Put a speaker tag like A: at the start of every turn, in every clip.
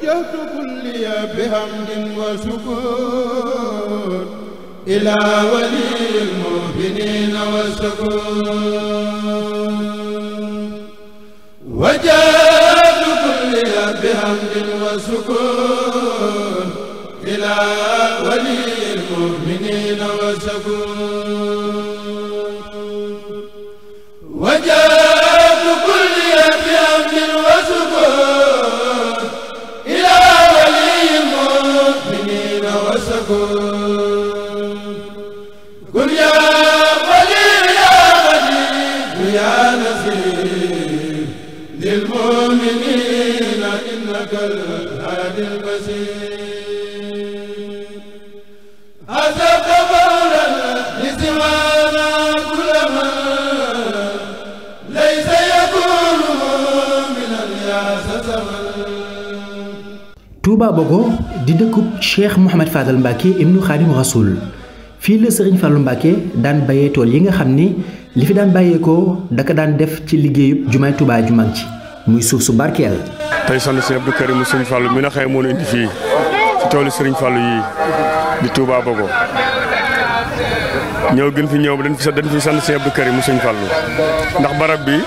A: وجهت كلي بحمد وشكر إلى ولي المؤمنين والشكور وجهت كلي بحمد وشكر إلى ولي المؤمنين والشكور Touba
B: Bogo di dëkkub Cheikh Mouhamed Fadal Mbacke ibnu Xaadim Rasoul fii la Serigne Fallou Mbacke daan bayee tool yi nga xam ni li fi daan bàyyeekoo daka daan def ci liggéeyub jumaay Touba ju mag ci muy suuf su barkeel.
C: tey sant si Abdou Karim Sëriñ Fallou mi na moo moo indi fii ci toolu Sëriñ Fallou yii di Touba Bogo ñëw gën fi ñëw dañ fi dañ fi sant si Abdou Karim Sëriñ Fallou ndax barab bi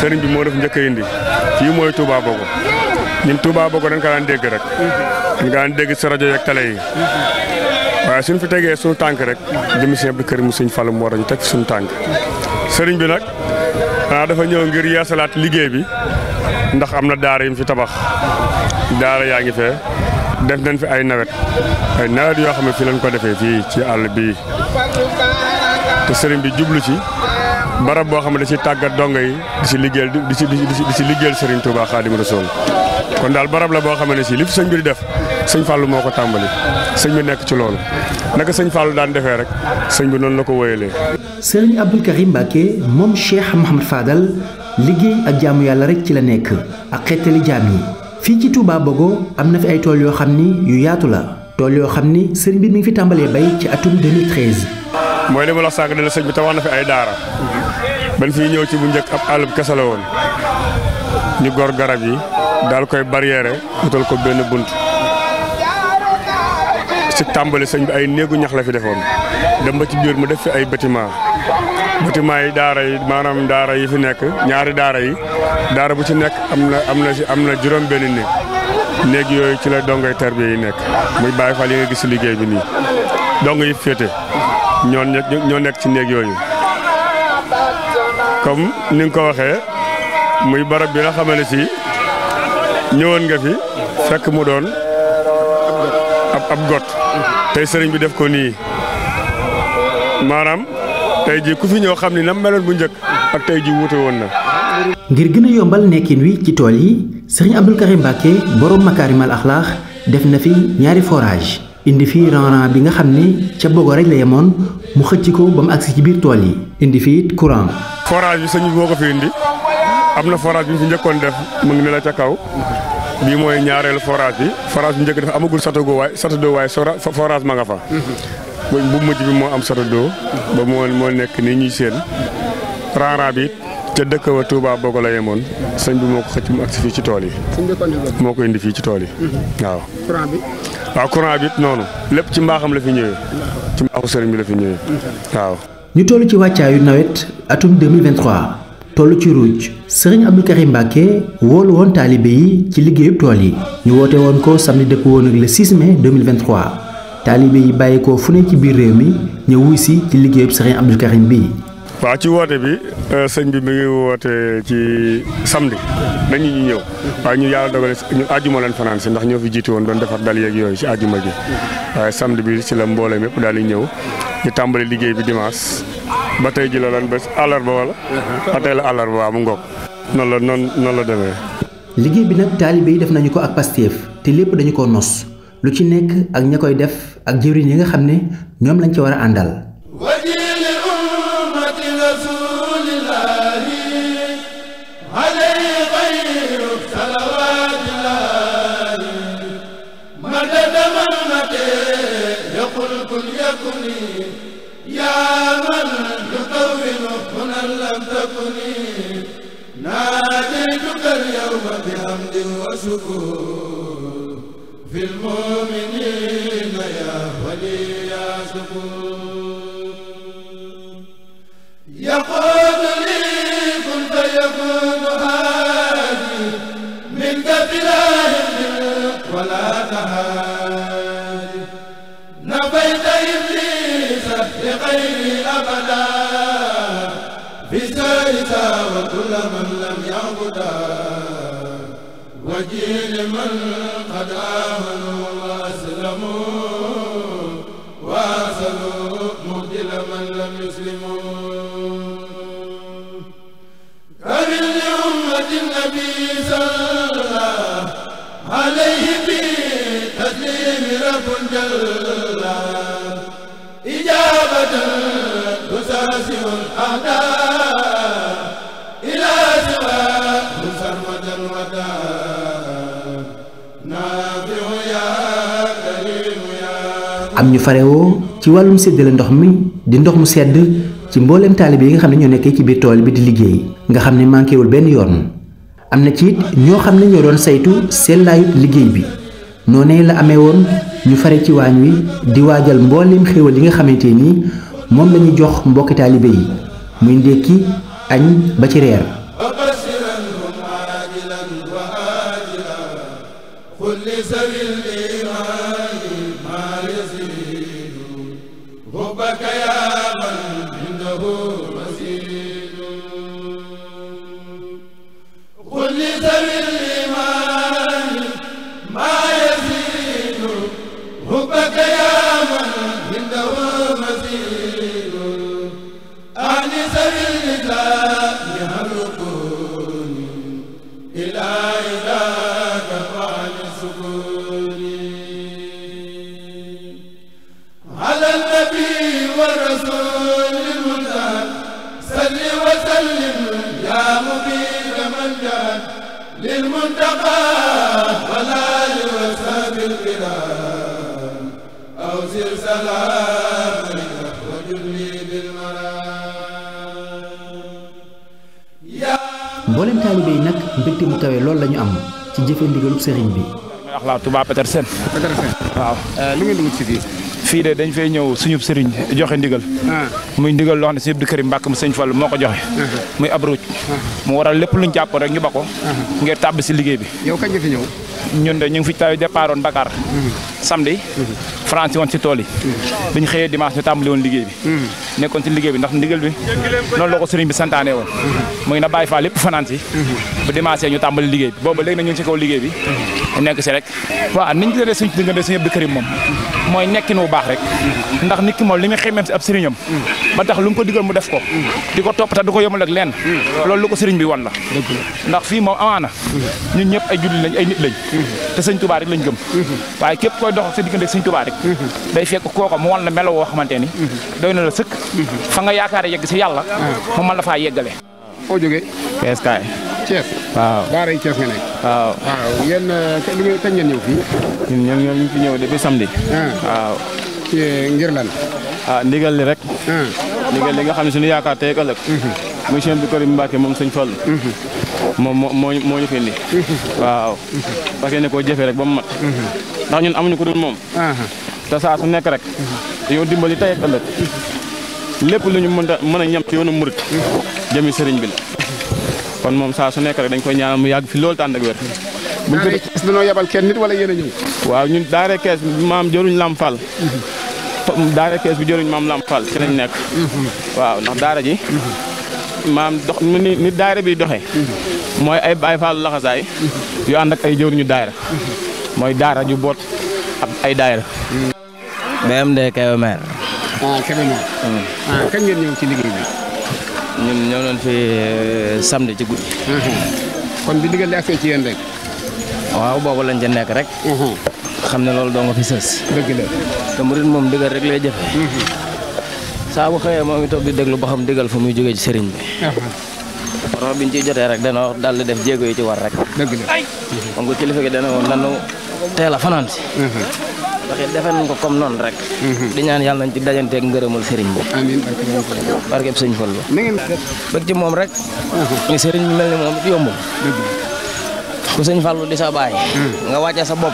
C: sëriñ bi moo def njëkk indi fii mooy Touba Bogo ñun Touba Bogo dañ ka daan dégg rek. dañ ko daan dégg si rajo yeeg télé yi. waaye suñ fi tegee suñu tànk rek jëm si Abdou Karim Sëriñ Fallou moo dañu teg suñu tànk sëriñ bi nag. ah dafa ñëw ngir yeesalaat liggéey bi ndax am na daara yu mu fi tabax daara yaa ngi fee def nañ fi ay nawet ay nawet yoo xam ne fi lañ ko defee fii ci àll bi te sëriñ bi jublu ci barab boo xam ne da ci tàggat dongo yi di ci liggéeyal di ci di ci liggéeyal sëriñ Touba Xaadimu Rasuul kon daal barab la boo xam ne si li fi sëñ bi di def sëñ Fallou moo ko tàmbali sëñ bi nekk ci loolu naka sëñ Fallou daan defee rek sëñ bi noonu la ko wóyalee.
B: sëriñ Abdou Karim Mbacké moom Cheikh Mouhamad Fadal liggéey ak jàmm yàlla rek ci la nekk ak xettali jaam yi fii ci Touba Bogo am na fi ay tool yoo xam ni yu yaatu la tool yoo xam ni sëriñ bi mi ngi fi tàmbalee bay ci atum 2013.
C: mooy li ma la sànq ne sëñ bi tabax na fi ay daara ban fi ñëw ci bu njëkk ab àll bu la woon ñu gor garab yi. daal koy barrière utal ko benn bunt si tàmbali sëñ bi ay néegu ñax la fi defoon dem ba ci biir mu def fi ay bâtiment bâtiment yi daara yi maanaam daara yi fi nekk ñaari daara yi daara bu ci nekk am na am na si am na juróom benn néeg néeg yooyu ci la dongoy tarbiya yi nekk muy bàyyi faal yi nga gis si liggéey bi nii dong yi féete ñoo ñoo nekk ci néeg yooyu comme ni ko waxee muy barab bi nga xamane si ñëwoon nga fi fekk mu doon ab ab got tey sëriñ bi def ko nii maanaam tey ji ku fi ñoo xam ni nam meloon bu njëkk ak
B: tey ji wuute woon na ngir gën a yombal nekkin wi ci tool yi sëriñ Abdou Karim Mbacké borom makaarimal axlaax def na fi ñaari forage indi fi ranran bi nga xam ni ca bogo rek la yemoon mu xëcc ko ba mu agsi ci biir tool yi indi fi it courant bi
C: sëñ bi moo ko fi indi am na forage bi ñu fi njëkkoon def mu ngi ne la ca kaw bii mooy ñaareelu forage bi forage bi njëkk dafa amagul satadoo waaye satadoo waaye forage ma nga fa bu mujj bi moo am satadoo ba moo nekk nii ñuy seen raaraa bi ca dëkk wa Touba boo ko la yemoon sëñ bi moo ko xëcc mu agsi fii ci tool yi moo ko indi fii ci tool yi mhm. waaw waaw bi noonu lépp ci mbaaxam la fi ñëwee
B: ci mbaaxu sëriñ bi la fi ñëwee mhm. waaw ñu toll ci wàccaayu nawet atum toll ci ruuj sëriñ Abdou Karim Mbacke woolu woon taalibe yi ci liggéeyub tool yi ñu woote woon ko samedi dëpp woon ak le 6 mai 2023 taalibe yi bàyyi ko fu ne ci biir réew mi ñëw wuy si ci liggéeyub sëriñ Abdou Karim bii.
C: waaw ci woote bi euh, sëñ bi mi ngi woote ci samedi nañu ñu ñëw waaye ñu yàlla dogale ñu àjjuma leen fanaan si ndax ñoo fi jiitu woon doon defar dal yeeg yooyu ci àjjuma ji waaye samedi bi si la mboole mépp daal di ñëw ñu tàmbali liggéey bi dimanche ba tey ji la lan bés àllarba wala. Uh-huh. ba mu ngoog. noonu la noonu noonu la demee.
B: liggéey bi nag taalibe yi def nañu ko ak Pastef te lépp dañu ko nos lu ci nekk ak ña koy def ak jëwriñ yi nga xam ne ñoom lañ ci war a àndal.
D: yaa لم
A: تكني ناديتك اليوم بحمد وشكر في المؤمنين يا ولي يا شكور يقول لي كن فيكون هادي منك بلا ولا تهادي من لم يعبدا وجيل من قد آمنوا وأسلموا
B: am ñu farewoo ci wàllum séddale ndox mi di ndox mu sedd ci mbooleem taalibe yi nga xam ne ñoo nekkee ci biir tool bi di liggéey nga xam ne manqué wul benn yoon am na ci it ñoo xam ne ñoo doon saytu sellaayut liggéey bi noonee la amee woon ñu fare ci waañ wi di waajal mbooleem xéewal yi nga xamante ni moom lañuy jox mbokki taalibe yi muy ndékki añ ba ci reer
A: قل لذوي الإيمان
D: وبيل من جهد للمنتقى
A: ولا لوساب الكرام
B: loolu la am ci jëfe ndigalub sëriñ bi.
E: Axlaa Touba fii de dañ fay ñëw suñu sëriñ joxe ndigal ah. muy ndigal loo xam ne sëñ Abdou Karim Mbàkke mu sëñ Fall moo ko joxe ah. muy ab ruuj ah. mu waral lépp luñ jàppoon rek ñu ba ko ngir tàbb si liggéey bi ñëw kañ nga fi ñëw ñun de ñu ngi fi taw départoon Dakar mm-hmm. samedi France yi woon si tool yi bi ñu xëyee dimanche ñu tàmbali woon liggéey bi nekkoon ci liggéey bi ndax ndigal bi noonu la ko sëriñ bi santaane woon muy na bàyyi faa lépp fanaan bu dimanche ñu tàmbali liggéey bi booba léegi na ñu ngi si kaw liggéey bi nekk si rek waaw nit ki moom li muy xemeem si lu ko digal ko di ko topp te du ko yomal ak leen loolu lu ko sëriñ bi wan la ndax fii moom amaana ñun ñëpp ay julli lañ ay nit lañ te sëñ Tuubaa rek lañ gëm waaye képp ko dox sa diggante sëñ Tuubaa rek mhm. day fekk kooka mu wan la melo woo xamante ni mhm. doy na la sëkk mhm. fa nga yaakaar yegg si yàlla mu mën la faa yeggale foo jógee Cees kaay Cees waaw daara yi Cees nga nekk waaw waaw yéen ñëw fii fi ñëw depuis samedi ah. waaw ngir lan ah ndigal li rek ah. ndigal li nga xam ne suñu yaakaar tey ëllëg muy Cheikh Abdou Karim Mbacke moom sëñ Fall. moom moo moo moo ñu fi indi. waaw parce que ne koo jëfee rek ba mu mat. ndax ñun amuñu ko dul moom. te saa su nekk rek. dañoo dimbali tey ak lépp lu ñu mën a mën a ci yoonu murit. jëmi sëriñ bi kon moom saa su nekk dañ koy ñaanal mu yàgg fi loolu tànn ak wér. buñ ko kees nit wala yéen a ñëw. waaw ñun daare kees maam jëruñ Lam Fall. daare kees bi jëruñ maam Lam Fall ci lañ nekk. Mhm. waaw ndax daara ji. Mhm. maam dox ni ni bi doxee. mooy ay Baay Faal laxasaay yu ànd ak ay jëwriñu daayira mooy daara ju boot ab ay daayira. BMD Kébémer. ah Kébémer. Hmm. ah kañ ngeen ñëw ci liggéey bi. ñun ñëw nañ fi euh, samedi ci guddi. kon bi digal li ak ci yéen rek. waaw boobu lañ ca nekk rek. xam ne loolu doo nga fi sës. dëgg la te moom digal rek lay saa bu xëyee moom itam di déglu ba xam digal fu muy jógee ci sëriñ bi.
D: Uh-huh.
E: rox biñ ciy jotee rek dana dal di def jéego yi ci war rek. dëgg la moom ko kilifa gi dana woon nanu teel a fanaan si. Uh-huh. defe nañ ko comme noon rek. Uh-huh. di ñaan yàlla nañ ci dajanteeg ngërëmal sëriñ bi. amiin barkeb sëñ Fallu. na ngeen bëgg ci moom rek. ni sëriñ bi mel ni moom it yombul. ku sëñ Fallu di sa baay. nga wàcce sa bopp.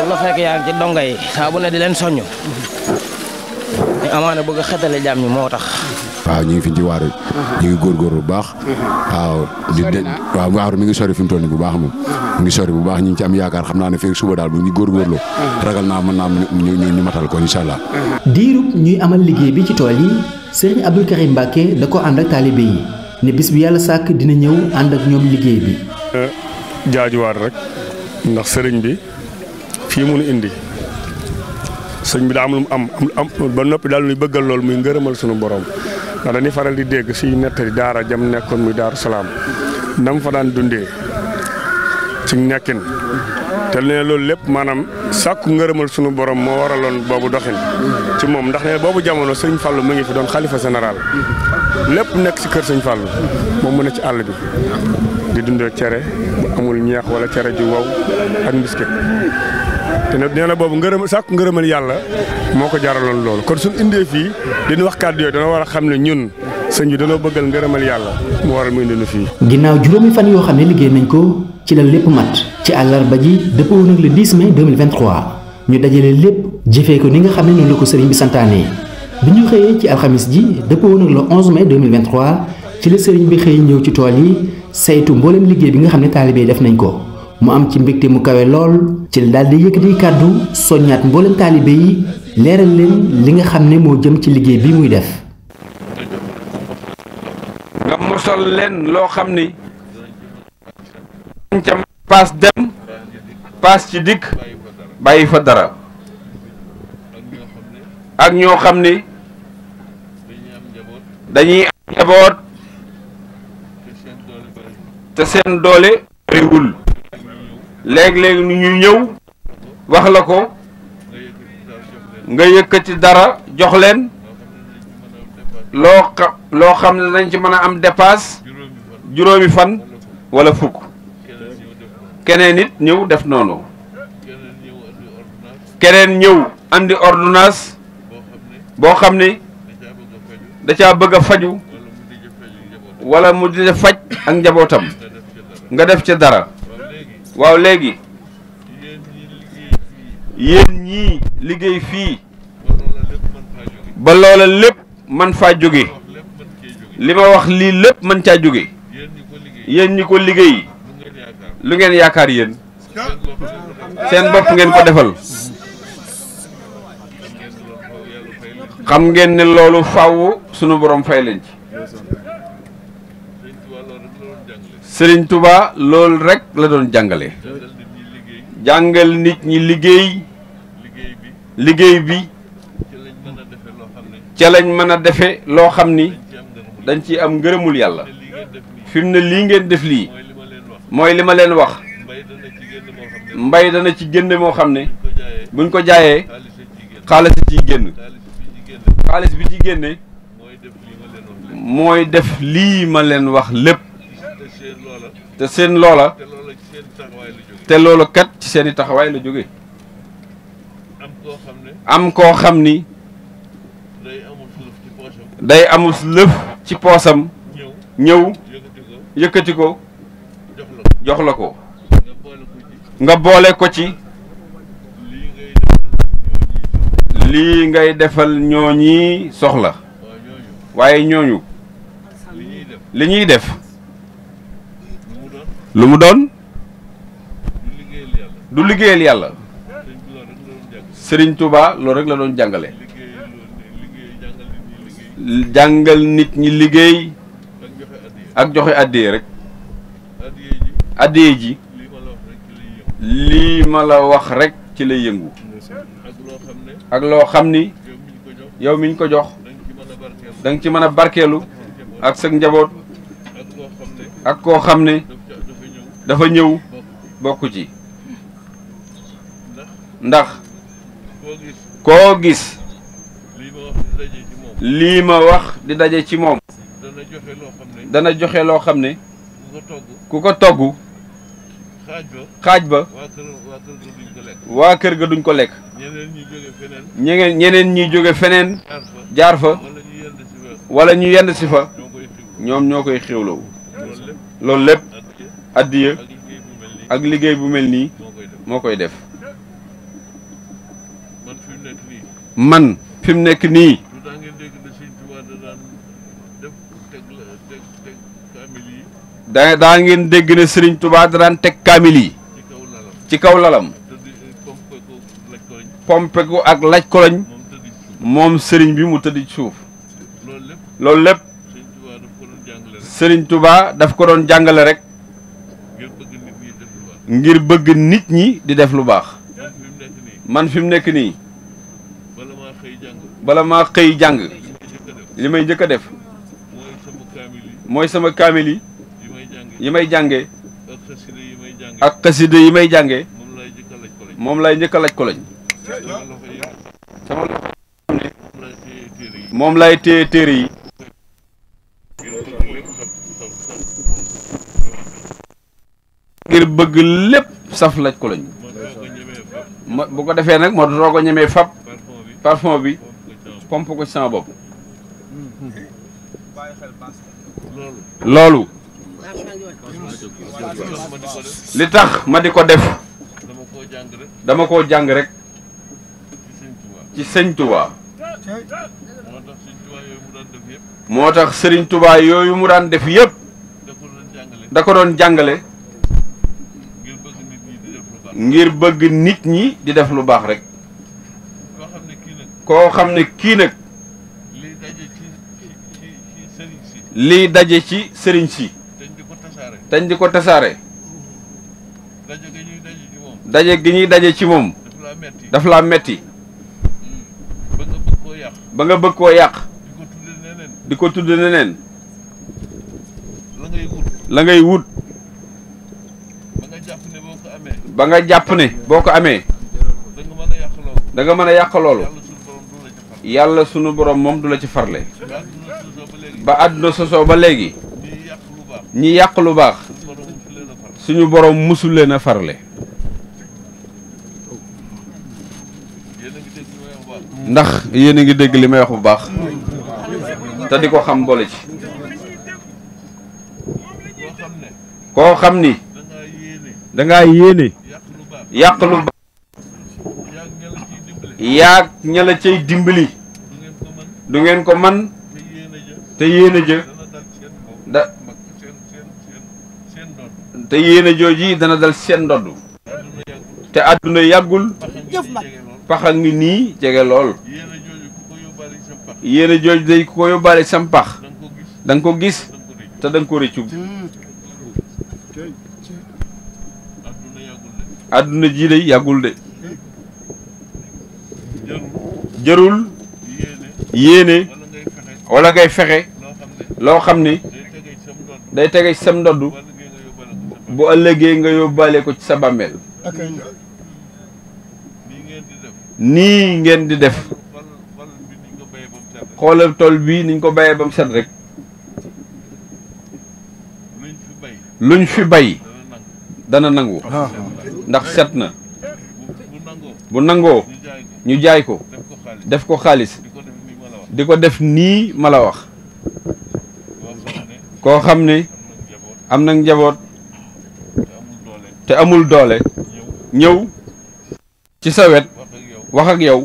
E: bu la fekk yaa ngi ci donga yi saa bu ne di leen soññ. amaana bëgg a xetale jàmm ñi moo tax.
C: waaw ñu ngi fi jiwaar yi. ñu ngi góorgóorlu bu baax. waaw waaw waaw mi ngi sori fi mu toll nii bu baax moom. mu ngi sori bu baax ñu ngi ci am
B: yaakaar xam naa ne fii suba daal bu ñu góorgóorloo. ragal naa mën naa ñu ñu matal ko incha allah. diirub ñuy amal liggéey bi ci tool yi Serigne Abdou Karim Mbacke da ko ànd ak taalibe yi ne bis bi yàlla sàkk dina ñëw ànd ak ñoom liggéey bi.
C: Eh, jaajuwaar rek ndax sëriñ bi fii mu indi sëñ bi daa am mu am am ba noppi daal ñuy bëggal loolu muy ngërëmal sunu borom ndax dañuy faral di dégg si nettali daara jam nekkoon muy daaru salaam nam fa daan dundee ci nekkin te nee loolu lépp maanaam sàkku ngërëmal sunu borom moo waraloon boobu doxin ci moom ndax ne boobu jamono sëñ Fallou mu ngi fi doon xalifa général lépp nekk si kër sëñ Fallou moom mën ne ci àll bi di dundee cere bu amul ñeex wala cere ji wow ak mbiskit te nee na boobu ngërëm sàkku ngërëmal yàlla moo ko jaraloon loolu kon suñ indee fii li ñu wax kàddu yooyu dana war a xam ne ñun sëñ bi danoo bëggal ngërëmal yàlla mu waral mu indi nu fii.
B: ginnaaw juróomi fan yoo xam ne liggéey nañ ko ci la lépp mat ci àllarba ji dëppoo nag le 10 mai 2023 ñu dajale lépp jëfee ko ni nga xam ne noonu la ko sëriñ bi santaane bi ñu xëyee ci alxamis ji dëppoo nag le 11 mai 2023 ci la sëriñ bi xëy ñëw ci tool yi saytu mboolem liggéey bi nga xam ne taalibe def nañ ko. mu am ci mbégte mu kawe lool ci la daal yëkkati kàddu soññaat mboolem taalibe yi leeral li nga xam ne moo jëm ci liggéey bi muy def. nga mosal
F: leen loo xam ni. paas dem paas ci dikk bàyyi fa dara ak ñoo xam ne dañuy am njaboot te seen doole bariwul léeg-léeg ñu ñëw wax la ko nga yëkkati dara jox leen loo xam loo xam ne dañ ci mën a am dépasse juróomi fan wala fukk keneen it ñëw def noonu keneen ñëw indi ordonnance boo xam ne da caa bëgg a faju wala mu di faj ak njabootam nga def ca dara waaw léegi yéen ñii liggéey fii ba loola lépp man faa jóge li ma wax lii lépp man caa jóge yéen ñi ko liggéey lu ngeen yaakaar yéen
D: seen bopp ngeen
F: ko defal xam ngeen ne loolu faw sunu borom fay leen Sëriñ Tuba loolu rek la doon jàngale jàngal nit ñi liggéey liggéey bi ca lañ mën a defe loo xam ni dañ ci am ngërëmul yàlla fi mu ne lii ngeen def lii mooy li ma leen wax mbay dana ci génne moo xam ne buñ ko jaayee xaalis ciy génn xaalis bi ci génne mooy def lii ma leen wax lépp te seen loola te loola kat ci seeni i taxawaay la jóge am koo xam ni day amul lëf ci poosam ñëw yëkkati ko jox la ko nga boole ko ci lii ngay defal ñooñi soxla waaye ñooñu li ñuy def lu mu doon du liggéeyal yàlla sëriñ tubaa loolu rekk la doon jàngale jàngal nit ñi liggéey ak joxe addiye rek addiye ji lii ma la wax rek ci lay yëngu ak loo xam ni yow miñ ko jox danga nga ci mën a barkeelu ak sa njaboot ak koo xam ne dafa ñëw bokk ci ndax koo gis lii ma wax di daje ci moom dana joxe loo xam ne ku ko togg xaaj ba waa kër ga duñ ko lekk ñeneen ñeneen ñuy jóge feneen jaar fa wala ñu yend si fa ñoom ñoo koy xéwloo loolu lépp addiya ak liggéey bu mel nii moo koy def man fi mu nekk nii da daa ngeen dégg ne Serigne Touba da daan teg kaamil yi ci kaw lalam eh, pompe ko ak laj koloñ moom Serigne bi mu tëdd ci suuf loolu lépp Serigne Touba daf ko doon jàngale rek ngir bëgg nit ñi di def lu baax man fi mu nekk nii bala maa xëy jàng li may njëkk a def mooy sama kaamil yi yi may jànge ak xasida yi may jànge moom lay njëkk a laj ko moom lay téye téere yi ngir bëgg lépp saf laj ko lañ bu ko defee nag ma ko ñemee fab parfum bi loolu li tax ma di ko def dama koo jàng rek ci sëñ Touba moo tax sëriñ Touba yooyu mu daan def yëpp da ko doon jàngale ngir bëgg nit ñi di def lu baax rek. koo xam ne kii nag. koo liy daje ci sëriñ si. liy dañ di ko tasaare. dañ di ko tasaare. daje gi ñuy daje ci moom. daje gi daf laa metti daf hmm. ba nga bëgg koo yàq. ba di ko tudd neneen. di la ngay wut. ba nga jàpp ne boo ko amee danga mën a yàq loolu yàlla sunu borom moom du la ci farle ba àdduna sosoo ba léegi ñi yàq lu baax suñu borom musul leen a farle ndax yéen a ngi dégg li may wax bu baax te di ko xam boole ci koo xam ni dangaa yéene yàq lu ba yaag ña la cay dimbali du ngeen ko man te yéen a jë da te yéen a jooji dana dal seen ndodd te àdduna yàggul pax a ngi nii jege lool yéen a jooj day ku ko yóbbaale sam pax ko gis te da ko rëccu àdduna jii de yàggul de jërul yéene wala ngay fexe loo xam ni day tege ci sam ndodd bu ëllëgee nga yóbbaale ko ci sa bàmmeel nii ngeen di def xoolal tool bii niñ ko bayee ba mu set rek luñ fi bay dana nangu ndax set na bu nangoo ñu jaay ko def ko xaalis di ko def nii ma la wax koo xam ne am na njaboot te amul doole ñëw ci sa wet wax ak yow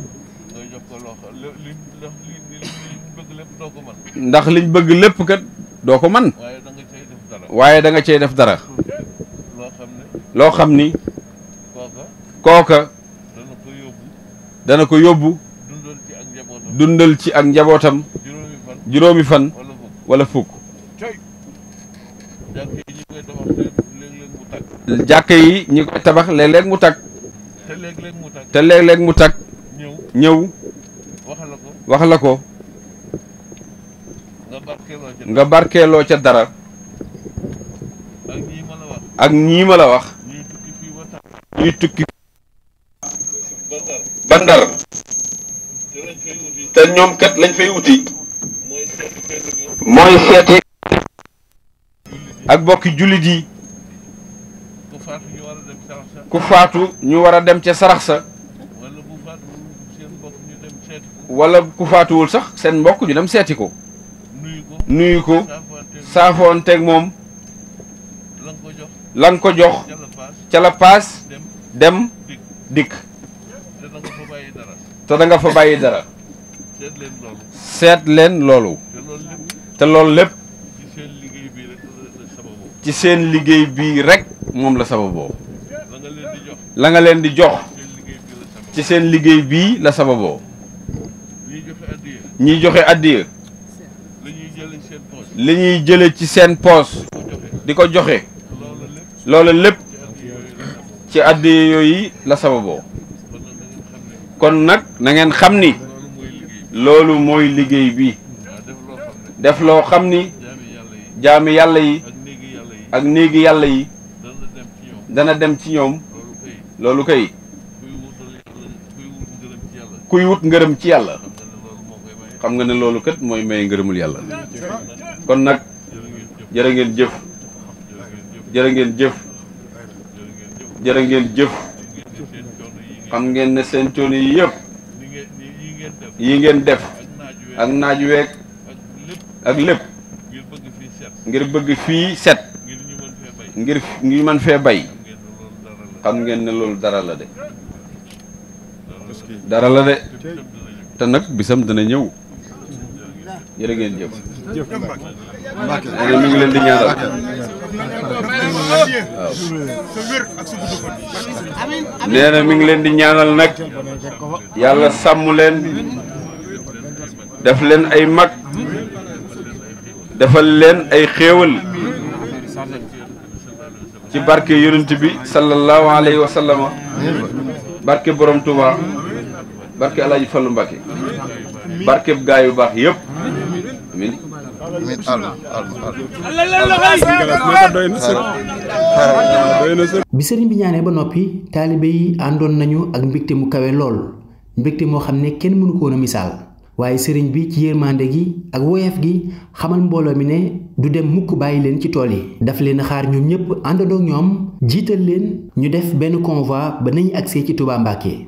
F: ndax liñ bëgg lépp kat doo ko man waaye da nga def dara loo xam ni kooka dana ko yóbbu dundal ci ak njabootam juróomi fan wala fukk jàkka yi ñi koy tabax léeg-léeg mu tag te léeg-léeg mu tag ñëw wax la ko nga barkeeloo ca dara ak ñii ma wax ñuy tukki te ñoom kat lañ fay wuti mooy seeti ak bokki jullit yi ku faatu ñu war a dem ca sarax sa wala ku faatuwul sax seen mbokk ñu dem seeti ko nuyu ko saafoon moom lan ko jox ca la paas dem dikk te danga fa bàyyi dara seet leen loolu te loolu lépp ci seen liggéey bii rek moom la sababoo la nga leen di jox ci seen liggéey bi la sababoo ñuy joxe addiya li ñuy jële ci seen poos di ko joxe loolu lépp ci àddee yooyu la sababoo kon nag nangeen xam ni loolu mooy liggéey bi def loo xam ni jaami yàlla yi ak néegi yàlla yi dana dem ci ñoom loolu kay kuy wut ngërëm ci yàlla xam nga ne loolu kat mooy may ngërëmul yàlla kon nag jërë ngeen jëf jërë ngeen jëf jërë ngeen jëf xam ngeen ne seen coono yi yëpp yi ngeen def ak naaj week ak lépp ngir bëgg fii set ngir ngi mën fee bay xam ngeen ne loolu dara la de dara la de te nag bisam dana ñëw jërë ngeen nee mu ngi leen di ñaanal waaw nee mi ngi leen di ñaanal nag yàlla sàmm leen def leen ay mag defal leen ay xéewal ci barke yonent bi sallallahu alayhi wa sallama barke borom Touba barke El Hadj Fallou Mbacké gaa yu baax yépp
B: bi sëriñ bi ñaanee ba noppi taalibe yi àndoon nañu ak mbégte mu kawe lool mbégte moo xam ne kenn mënu ko woon misaal waaye sëriñ bi ci yërmande gi ak woyaf gi xamal mbooloo mi ne du dem mukk bàyyi leen ci tool yi daf leen xaar ñoom ñëpp àndandoo ñoom jiital leen ñu def benn convoi ba nañu agsee ci Touba Mbacké.